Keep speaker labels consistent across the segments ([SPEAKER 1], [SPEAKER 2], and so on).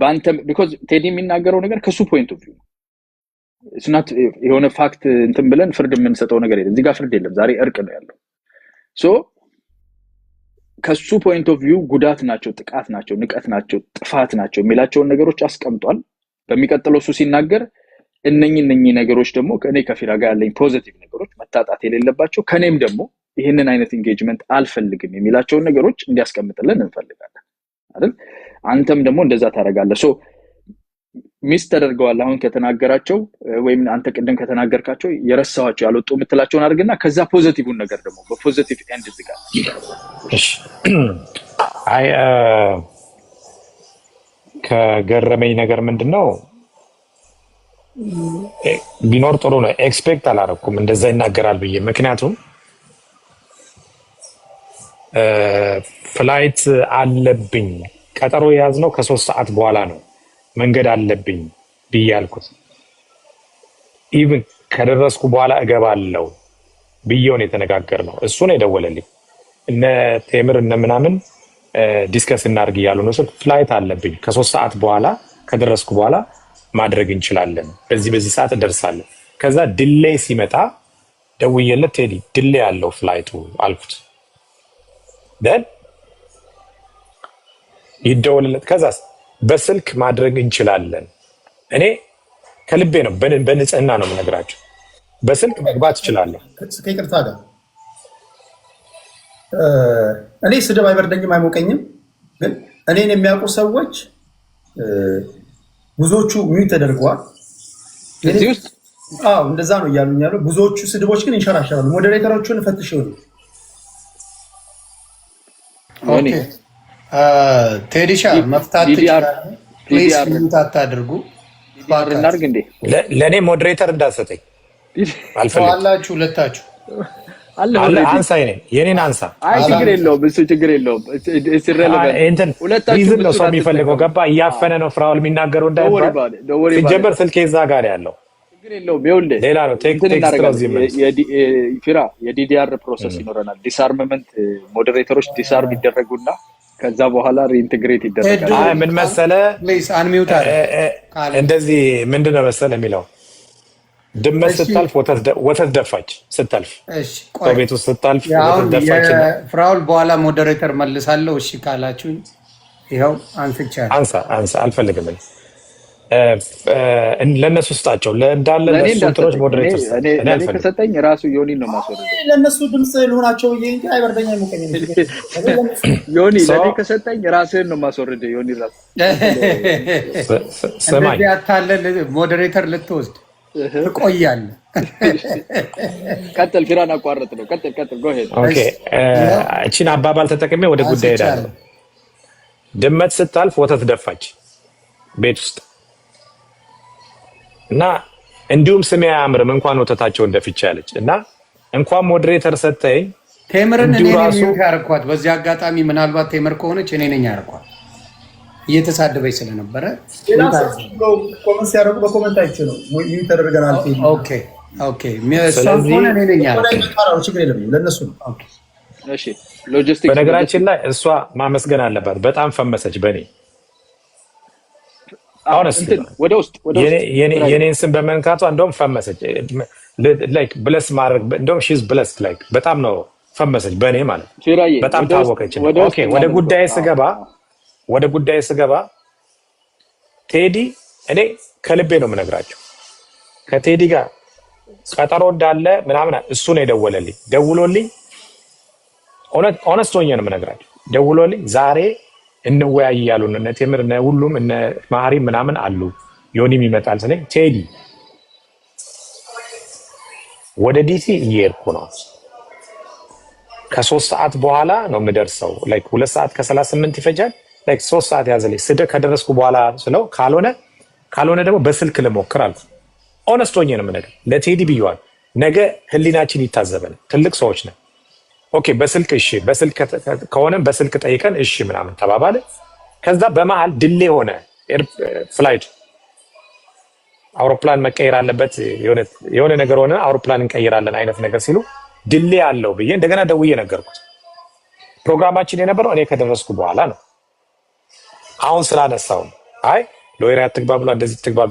[SPEAKER 1] በአንተ ቢኮዝ ቴዲ የሚናገረው ነገር ከሱ ፖይንት ኦፍ ቪው ስናት የሆነ ፋክት eh, እንትን ብለን ፍርድ የምንሰጠው ነገር የለም። እዚህ ፍርድ የለም። ዛሬ እርቅ ነው ያለው። ሶ ከሱ ፖይንት ኦፍ ቪው ጉዳት ናቸው፣ ጥቃት ናቸው፣ ንቀት ናቸው፣ ጥፋት ናቸው የሚላቸውን ነገሮች አስቀምጧል። በሚቀጥለው እሱ ሲናገር እነኝ እነኝ ነገሮች ደግሞ ከእኔ ከፊራ ጋር ያለኝ ፖዘቲቭ ነገሮች መታጣት የሌለባቸው ከእኔም ደግሞ ይህንን አይነት ኢንጌጅመንት አልፈልግም የሚላቸውን ነገሮች እንዲያስቀምጥልን እንፈልጋለን አይደል? አንተም ደግሞ እንደዛ ታደረጋለ ሶ ሚስ ተደርገዋል። አሁን ከተናገራቸው ወይም አንተ ቅድም ከተናገርካቸው የረሳዋቸው ያልወጡ የምትላቸውን አድርግና ከዛ ፖዘቲቭን ነገር ደግሞ በፖዘቲቭ ኤንድ ዝጋ
[SPEAKER 2] አይ ከገረመኝ ነገር ምንድን ነው ቢኖር ጥሩ ነው። ኤክስፔክት አላረኩም እንደዛ ይናገራል ብዬ ምክንያቱም ፍላይት አለብኝ ቀጠሮ የያዝነው ከሶስት ሰዓት በኋላ ነው መንገድ አለብኝ ብዬ አልኩት። ኢቭን ከደረስኩ በኋላ አለው ብየውን የተነጋገር ነው። እሱ ነው የደወለልኝ። እነ ቴምር እነ ምናምን ዲስከስ እናድርግ እያሉ ነው። ፍላይት አለብኝ ከሶስት ሰዓት በኋላ ከደረስኩ በኋላ ማድረግ እንችላለን፣ በዚህ በዚህ ሰዓት እደርሳለን። ከዛ ድሌይ ሲመጣ ደውዬለት ቴዲ ድሌ ያለው ፍላይቱ አልኩት። ይደወልለት። ከዛስ በስልክ ማድረግ እንችላለን። እኔ ከልቤ ነው፣ በንጽህና ነው የምነግራቸው። በስልክ መግባት እችላለሁ።
[SPEAKER 1] ከይቅርታ ጋር እኔ ስድብ አይበርደኝም አይሞቀኝም። ግን እኔን የሚያውቁ ሰዎች ብዙዎቹ ሚውት ተደርገዋል። አዎ እንደዛ ነው እያሉኝ ያሉ ብዙዎቹ ስድቦች ግን ይንሸራሸራሉ። ሞዴሬተሮቹን ፈትሽ ይሆኑ
[SPEAKER 2] ቴዲሻ መፍታት አታድርጉ። ለእኔ ሞዴሬተር እንዳሰጠኝ
[SPEAKER 1] አልፈለግም። ሁለታችሁ
[SPEAKER 2] አንሳ ይኔ የኔን አንሳ።
[SPEAKER 1] ችግር የለውም እሱ ችግር የለውም።
[SPEAKER 2] ሪዝን ነው ሰው የሚፈልገው። ገባ እያፈነ ነው ፍራውል የሚናገረው እንዳይባል። ሲጀመር ስልኬ እዛ ጋር ያለው ሌላ ነው።
[SPEAKER 1] ፊራ የዲዲአር ፕሮሰስ ይኖረናል። ዲስአርምመንት ሞዴሬተሮች ዲስአርም ይደረጉና ከዛ በኋላ ሪኢንትግሬት
[SPEAKER 2] ይደረጋል። ምን መሰለ እንደዚህ ምንድን መሰለ የሚለው ድመት ስታልፍ ወተት ደፋች። ስታልፍ ቤት ውስጥ ስታልፍ
[SPEAKER 1] ፍራውል በኋላ ሞዴሬተር መልሳለሁ። እሺ ካላችሁኝ ይኸው አንስቻለሁ።
[SPEAKER 2] አንሳ አንሳ አልፈልግም ለእነሱ ስጣቸው እንዳለ ለሱንትኖች
[SPEAKER 1] ሞዴሬተር ከሰጠኝ ራሱ ዮኒ ነው ማስወረድ። ለእነሱ ድምፅ ልሆናቸው አይበርደኛ ዮኒ ለእኔ ከሰጠኝ ራስህን ነው ማስወረድ። ዮኒ
[SPEAKER 2] ስማኝ፣
[SPEAKER 1] ያታለን ሞዴሬተር ልትወስድ ትቆያለህ። ቀጥል፣ ፊራን አቋረጥ ነው። ቀጥል፣ ቀጥል።
[SPEAKER 2] ኦኬ፣ እቺን አባባል ተጠቅሜ ወደ ጉዳይ ሄዳለሁ። ድመት ስታልፍ ወተት ደፋች ቤት ውስጥ እና እንዲሁም ስሜ አያምርም እንኳን ወተታቸው እንደፍቻ ያለች እና እንኳን ሞዴሬተር ሰጠኝ።
[SPEAKER 1] ቴምርን እኔ ነኝ ያርኳት። በዚህ አጋጣሚ ምናልባት ቴምር ከሆነች እኔ ነኝ ያርኳት፣ እየተሳደበች ስለነበረ ኮመንት ሲያደርጉ ነው ተደርገናል።
[SPEAKER 2] በነገራችን ላይ እሷ ማመስገን አለባት። በጣም ፈመሰች በእኔ አሁን ወደ ውስጥ የኔን ስም በመንካቷ እንደውም ፈመሰች። ብለስ ማድረግ እንደውም ሺዝ ብለስ ላይክ በጣም ነው ፈመሰች፣ በእኔ ማለት በጣም ታወቀች። ወደ ጉዳይ ስገባ ወደ ጉዳይ ስገባ ቴዲ እኔ ከልቤ ነው የምነግራቸው። ከቴዲ ጋር ቀጠሮ እንዳለ ምናምን እሱ ነው የደወለልኝ። ደውሎልኝ ኦነስት ሆኜ ነው የምነግራቸው። ደውሎልኝ ዛሬ እንወያይ እያሉ ነው። እነ ቴምር እነ ሁሉም እነ ማሪ ምናምን አሉ። ዮኒም ይመጣል ስለ ቴዲ ወደ ዲሲ እየሄድኩ ነው። ከሶስት ሰዓት በኋላ ነው የምደርሰው። ላይክ ሁለት ሰዓት ከሰላሳ ስምንት ይፈጃል። ላይክ ሶስት ሰዓት ያዘልኝ ስደ ከደረስኩ በኋላ ስለው ካልሆነ ካልሆነ ደግሞ በስልክ ልሞክር አልኩ። ኦነስቶኝ ነው ምነገር ለቴዲ ብየዋል። ነገ ህሊናችን ይታዘበን። ትልቅ ሰዎች ነን። ኦኬ በስልክ እሺ፣ በስልክ ከሆነም በስልክ ጠይቀን እሺ ምናምን ተባባለ። ከዛ በመሀል ድሌ ሆነ። ፍላይት አውሮፕላን መቀየር አለበት፣ የሆነ ነገር ሆነ፣ አውሮፕላን እንቀይራለን አይነት ነገር ሲሉ ድሌ አለው ብዬ እንደገና ደውዬ ነገርኩት። ፕሮግራማችን የነበረው እኔ ከደረስኩ በኋላ ነው። አሁን ስላነሳው አይ ሎየር አትግባ ብሎ እንደዚህ ትግባ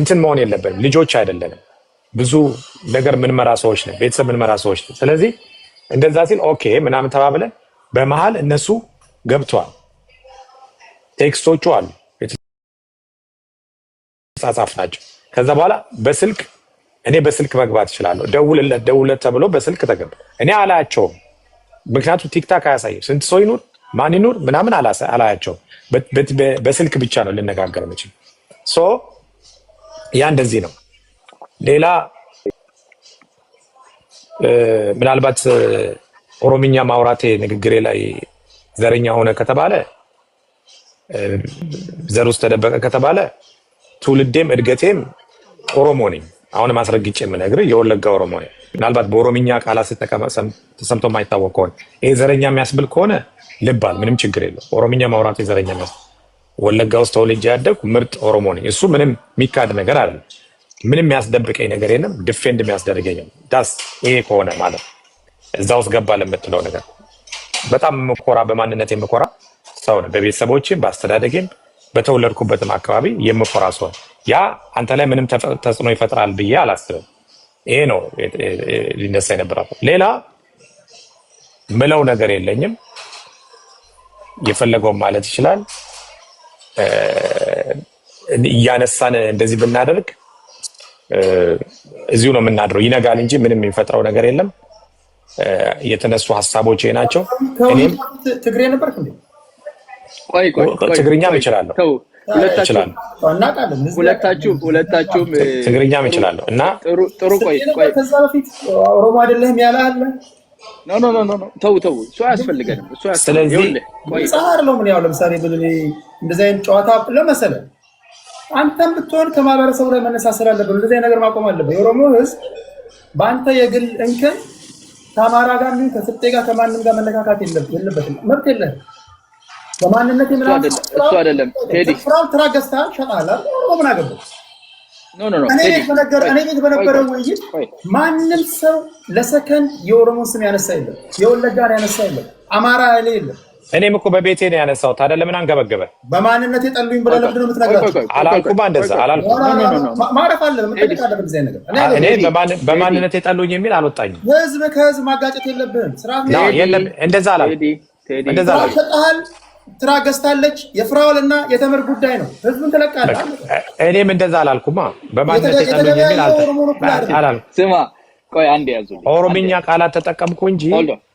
[SPEAKER 2] እንትን መሆን የለበንም ልጆች አይደለንም። ብዙ ነገር ምንመራ ሰዎች ነን። ቤተሰብ ምንመራ ሰዎች ነን። ስለዚህ እንደዛ ሲል ኦኬ ምናምን ተባብለን በመሀል እነሱ ገብተዋል። ቴክስቶቹ አሉ የተጻጻፍ ናቸው። ከዛ በኋላ በስልክ እኔ በስልክ መግባት እችላለሁ። ደውልለት ደውለት ተብሎ በስልክ ተገብ እኔ አላያቸውም፣ ምክንያቱም ቲክታክ አያሳየም? ስንት ሰው ይኑር ማን ይኑር ምናምን አላያቸውም። በስልክ ብቻ ነው ልነጋገር ምችል። ያ እንደዚህ ነው። ሌላ ምናልባት ኦሮምኛ ማውራቴ ንግግሬ ላይ ዘረኛ ሆነ ከተባለ ዘር ውስጥ ተደበቀ ከተባለ ትውልዴም እድገቴም ኦሮሞ ነኝ። አሁን አስረግጬ የምነግርህ የወለጋ ኦሮሞ ነኝ። ምናልባት በኦሮምኛ ቃላት ተሰምቶ የማይታወቅ ከሆነ ይሄ ዘረኛ የሚያስብል ከሆነ ልባል ምንም ችግር የለው። ኦሮምኛ ማውራቴ ዘረኛ የሚያስብል ወለጋ ውስጥ ተወልጄ ያደግኩ ምርጥ ኦሮሞ ነኝ። እሱ ምንም የሚካድ ነገር አይደለም። ምንም ያስደብቀኝ ነገር የለም። ድፌንድ የሚያስደርገኝ ዳስ ይሄ ከሆነ ማለት እዛ ውስጥ ገባ ለምትለው ነገር በጣም የምኮራ በማንነት የምኮራ ሰው ነው። በቤተሰቦችም በአስተዳደጌም በተወለድኩበትም አካባቢ የምኮራ ሰው ያ አንተ ላይ ምንም ተጽዕኖ ይፈጥራል ብዬ አላስብም። ይሄ ነው ሊነሳ የነበረው። ሌላ ምለው ነገር የለኝም። የፈለገውን ማለት ይችላል። እያነሳን እንደዚህ ብናደርግ እዚሁ ነው የምናድረው። ይነጋል እንጂ ምንም የሚፈጥረው ነገር የለም። የተነሱ ሀሳቦች ናቸው። ትግሬ ነበር። ትግርኛም እችላለሁ ሁለታችሁም ትግርኛም እችላለሁ እና
[SPEAKER 1] ጥሩ ቆይ ቆይ፣ ከዛ በፊት ኦሮሞ አይደለህም ያለ ኖ ኖ ኖ ኖ፣ ተው ተው፣ እሱ አያስፈልገንም። ስለዚህ ጻር ነው ምን ያው ለምሳሌ እንደዚህ አይነት ጨዋታ ለመሰለህ አንተም ብትሆን ከማህበረሰቡ ላይ መነሳሰር አለብን። እንደዚህ ነገር ማቆም አለብን። የኦሮሞ ህዝብ በአንተ የግል እንከን ከአማራ ጋር ምን ከስጤ ጋር ከማንም ጋር መነካካት የለበትም። መብት የለህም። በማንነት
[SPEAKER 2] ምናምን እሱ አይደለም ቴዲ
[SPEAKER 1] ፍራም ትራገስታ ሸጣላ ምን አገባ ኖ ኖ ኖ እኔ ቤት በነበረው ውይይት ማንም ሰው ለሰከንድ የኦሮሞን ስም ያነሳ የለም፣ የወለጋን ያነሳ የለም፣ አማራ ያለ የለም።
[SPEAKER 2] እኔም እኮ በቤቴ ነው ያነሳሁት። ታዲያ ለምን አንገበገበ?
[SPEAKER 1] በማንነት የጠሉኝ ብለህ ለምንድን ነው የምትነግራቸው?
[SPEAKER 2] አላልኩም እንደዛ አላልኩም። ማረፍ አለ በማንነት የጠሉኝ የሚል አልወጣኝም።
[SPEAKER 1] ህዝብ ከህዝብ ማጋጨት የለብህም።
[SPEAKER 2] ስርዓት እንደዛ አላልኩም። እንደዛ
[SPEAKER 1] አላልኩም። ትራ ገዝታለች የፍራውል እና የተምር ጉዳይ ነው። ህዝብን ትለቃለህ።
[SPEAKER 2] እኔም እንደዛ አላልኩማ። በማንነት የጠሉኝ የሚል አላልኩም።
[SPEAKER 1] ስማ ቆይ አንድ ያዙ።
[SPEAKER 2] ኦሮምኛ ቃላት ተጠቀምኩ እንጂ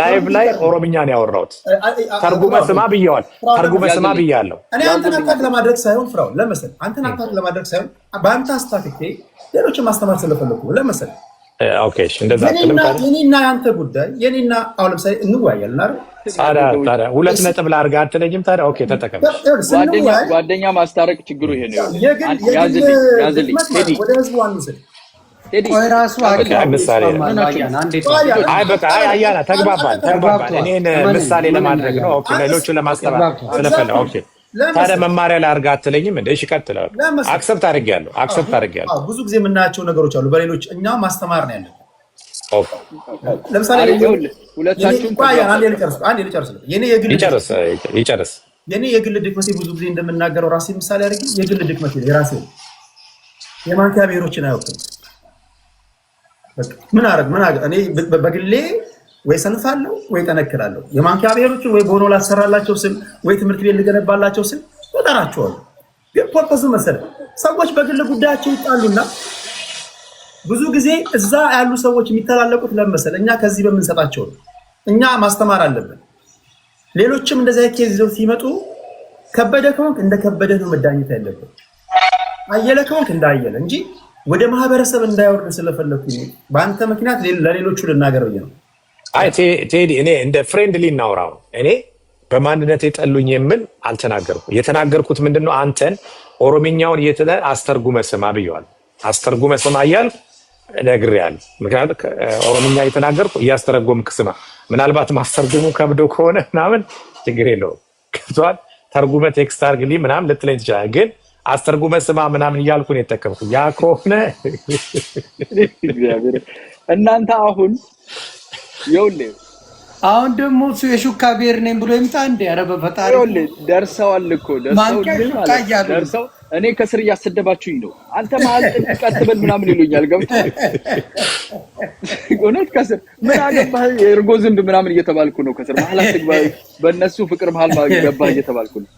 [SPEAKER 2] ላይቭ ላይ ኦሮምኛ ነው ያወራሁት። ተርጉመ ስማ ብያዋል። ተርጉመ ስማ ብያለሁ።
[SPEAKER 1] እኔ አንተን አታክ ለማድረግ ሳይሆን ፍራው ለመሰል አንተን አታክ ለማድረግ ሳይሆን በአንተ አስታክቴ ሌሎችን ማስተማር ስለፈለኩ ለመሰል
[SPEAKER 2] የኔና
[SPEAKER 1] የአንተ ጉዳይ የኔና አሁን ለምሳሌ እንወያያለን
[SPEAKER 2] አይደል? ታዲያ ሁለት ነጥብ ላድርግ አትለኝም? ታዲያ ኦኬ ተጠቀም።
[SPEAKER 1] ጓደኛ ማስታረቅ ችግሩ ይሄ ነው። ያዝልኝ ወደ ህዝቡ አንውሰድ
[SPEAKER 2] ምሳሌ ለማድረግ ነው ታዲያ መማሪያ ላይ አድርጋ አትለኝም እንደ እሺ፣ አክሰብት አድርጌያለሁ፣ አክሰብት አድርጌያለሁ።
[SPEAKER 1] ብዙ ጊዜ የምናያቸው ነገሮች አሉ። በሌሎች እኛ ማስተማር ነው ያለን። ለምሳሌ የኔ የግል ድክመቴ ብዙ ጊዜ እንደምናገረው ራሴ ምሳሌ አድርጌ የግል ድክመቴ የራሴ የማንኪያ ብሔሮችን አይወክልም ምን አረግ ምን አረግ እኔ በግሌ ወይ ሰንፋለሁ ወይ ጠነክራለሁ። የማንኪያ ብሔሮችን ወይ ቦኖ ላሰራላቸው ስል ወይ ትምህርት ቤት ልገነባላቸው ስል እጠራቸዋለሁ። ግን ፐርፐሱ መሰለህ ሰዎች በግል ጉዳያቸው ይጣሉና ብዙ ጊዜ እዛ ያሉ ሰዎች የሚተላለቁት ለመሰለህ እኛ ከዚህ በምንሰጣቸው ነው። እኛ ማስተማር አለብን። ሌሎችም እንደዚያ ኬዝ ይዘው ሲመጡ ከበደ ከሆንክ እንደ ከበደ ነው መዳኘት ያለብን፣ አየለ ከሆንክ እንዳየለ እንጂ ወደ ማህበረሰብ እንዳይወርድ ስለፈለኩ በአንተ ምክንያት ለሌሎቹ ልናገር ብዬ ነው።
[SPEAKER 2] አይ ቴዲ፣ እኔ እንደ ፍሬንድሊ እናውራው። እኔ በማንነት የጠሉኝ የምል አልተናገርኩ። የተናገርኩት ምንድነው ነው? አንተን ኦሮምኛውን የትለ አስተርጉመ ስማ ብየዋል። አስተርጉመ ስማ እያልኩ እነግርሃለሁ። ምክንያቱም ኦሮምኛ የተናገርኩ እያስተረጎምክ ስማ። ምናልባት ማስተርጉሙ ከብዶ ከሆነ ምናምን ችግር የለውም። ከቷል ተርጉመ ቴክስት አድርግልኝ ምናምን ልትለኝ ትችላለህ ግን አስተርጉመ ስማ ምናምን እያልኩን የጠቀምኩ ያ ከሆነ
[SPEAKER 1] እናንተ አሁን የውሌ አሁን ደግሞ የሹካ ብሔር ነኝ ብሎ ይምጣ እንዴ! ኧረ በፈጣሪ ደርሰዋል እኮ ደርሰው፣ እኔ ከስር እያሰደባችሁኝ ነው። አንተ መሀል ቀጥበል ምናምን ይሉኛል። ገብቶ እውነት ከስር ምን አገባህ የእርጎ ዝንብ ምናምን እየተባልኩ ነው። ከስር መሀል አትግባ፣ በእነሱ ፍቅር መሀል ገባ እየተባልኩ ነው።